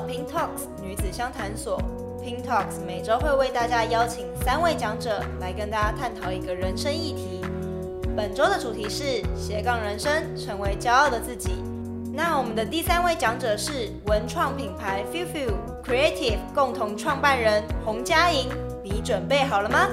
Pink Talks 女子相談所，Pink Talks 每週會為大家邀請三位講者來跟大家探討一個人生議題。本週的主題是斜槓人生，成為驕傲的自己。那我們的第三位講者是文創品牌 Foufou Creative 共同創辦人洪佳吟，你準備好了嗎？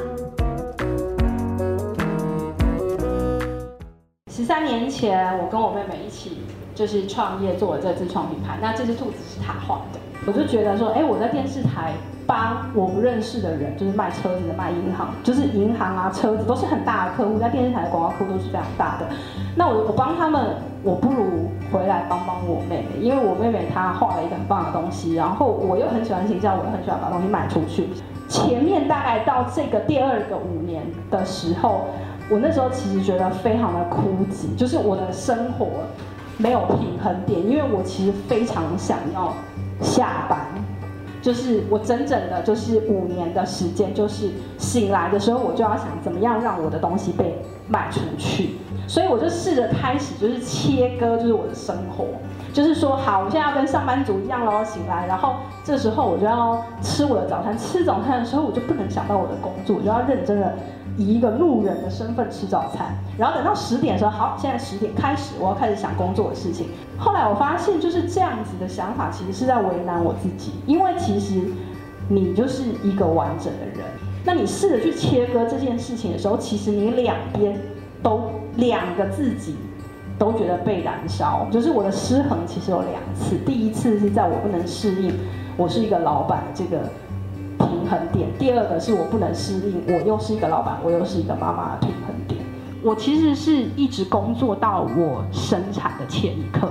十三年前，我跟我妹妹一起就是創業做了這支創品牌。那這只兔子是她畫的，我就覺得說，哎、欸，我在電視台幫我不認識的人，就是賣車子的、賣銀行，就是銀行啊、車子都是很大的客戶，在電視台的廣告客戶都是非常大的。那我我幫他們，我不如回來幫幫我妹妹，因為我妹妹她畫了一個很棒的東西，然後我又很喜歡行銷，我又很喜歡把東西賣出去。前面大概到這個第二個五年的時候。我那時候其實覺得非常的枯竭，就是我的生活沒有平衡點，因為我其實非常想要下班，就是我整整的，就是五年的時間，就是醒來的時候我就要想怎麼樣讓我的東西被賣出去，所以我就試着開始就是切割，就是我的生活，就是說好，我現在要跟上班族一樣嘍，醒來，然後這時候我就要吃我的早餐，吃早餐的時候我就不能想到我的工作，我就要認真的。以一個路人的身份吃早餐，然後等到十點的時候，好，現在十點開始，我要開始想工作的事情。後來我發現，就是這樣子的想法，其實是在為難我自己，因為其實你就是一個完整的人。那你試着去切割這件事情的時候，其實你兩邊都兩個自己都覺得被燃燒，就是我的失衡其實有兩次，第一次是在我不能適應我是一個老闆的這個。平衡點。第二個是我不能適應，我又是一個老闆，我又是一個媽媽的平衡點。我其實是一直工作到我生產的前一刻，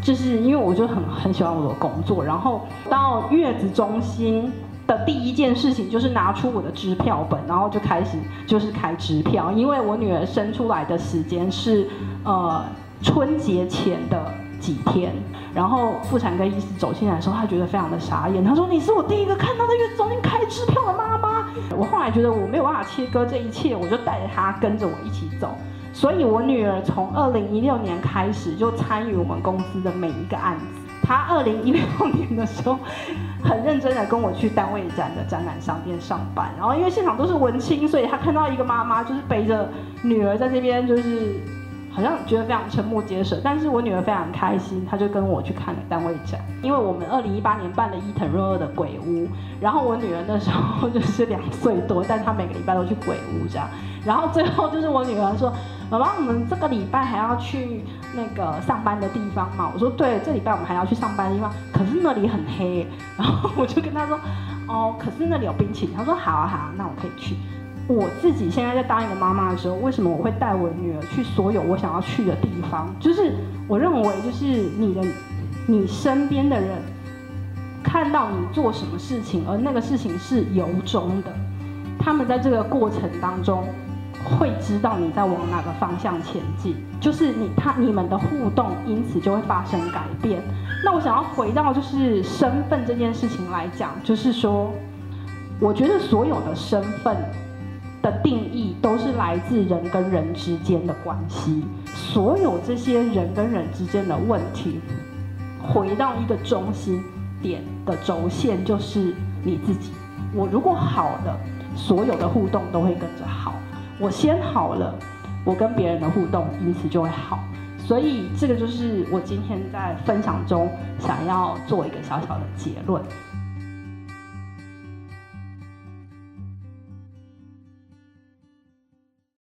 就是因為我就很很喜歡我的工作。然後到月子中心的第一件事情就是拿出我的支票本，然後就開始就是開支票，因為我女兒生出來的時間是呃春節前的幾天。然後婦產科醫師走進來的時候，他覺得非常的傻眼，他說：“你是我第一個看到的月子中。”覺得我沒有辦法切割這一切，我就帶着她跟着我一起走。所以，我女兒從二零一六年開始就參與我們公司的每一個案子。她二零一六年的時候，很認真的跟我去單位展的展覽商店上班。然後，因為現場都是文青，所以她看到一個媽媽就是背着女兒在這邊就是。好像覺得非常瞠目結舌，但是我女兒非常開心，她就跟我去看了單位展，因為我們二零一八年辦了伊藤潤二的鬼屋，然後我女兒那時候就是兩歲多，但她每個禮拜都去鬼屋這樣，然後最後就是我女兒說，媽媽，我們這個禮拜還要去那個上班的地方嘛？我說對，這禮拜我們還要去上班的地方，可是那裡很黑，然後我就跟她說，哦，可是那裡有冰淇淋，她說好啊好啊，那我可以去。我自己現在在當一個媽媽的時候，為什麼我會帶我女兒去所有我想要去的地方？就是我認為，就是你的，你身邊的人看到你做什麼事情，而那個事情是由衷的，他們在這個過程當中會知道你在往哪個方向前進。就是你他你們的互動，因此就會發生改變。那我想要回到就是身份這件事情來講，就是說，我覺得所有的身份。的定義都是來自人跟人之間的關係，所有這些人跟人之間的問題，回到一個中心點的軸線，就是你自己。我如果好了，所有的互動都會跟着好。我先好了，我跟別人的互動因此就會好。所以這個就是我今天在分享中想要做一個小小的結論。